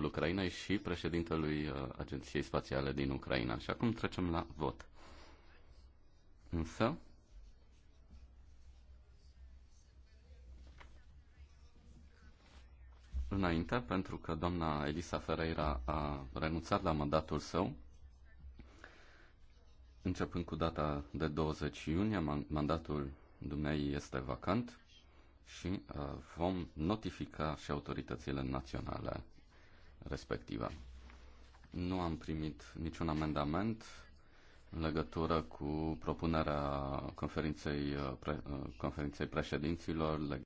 Parlamentul Ucrainei și președintelui uh, Agenției Spațiale din Ucraina. Și acum trecem la vot. Însă, înainte, pentru că doamna Elisa Ferreira a renunțat la mandatul său, începând cu data de 20 iunie, mandatul dumnei este vacant și uh, vom notifica și autoritățile naționale respectivă. Nu am primit niciun amendament în legătură cu propunerea conferinței, pre, conferinței președinților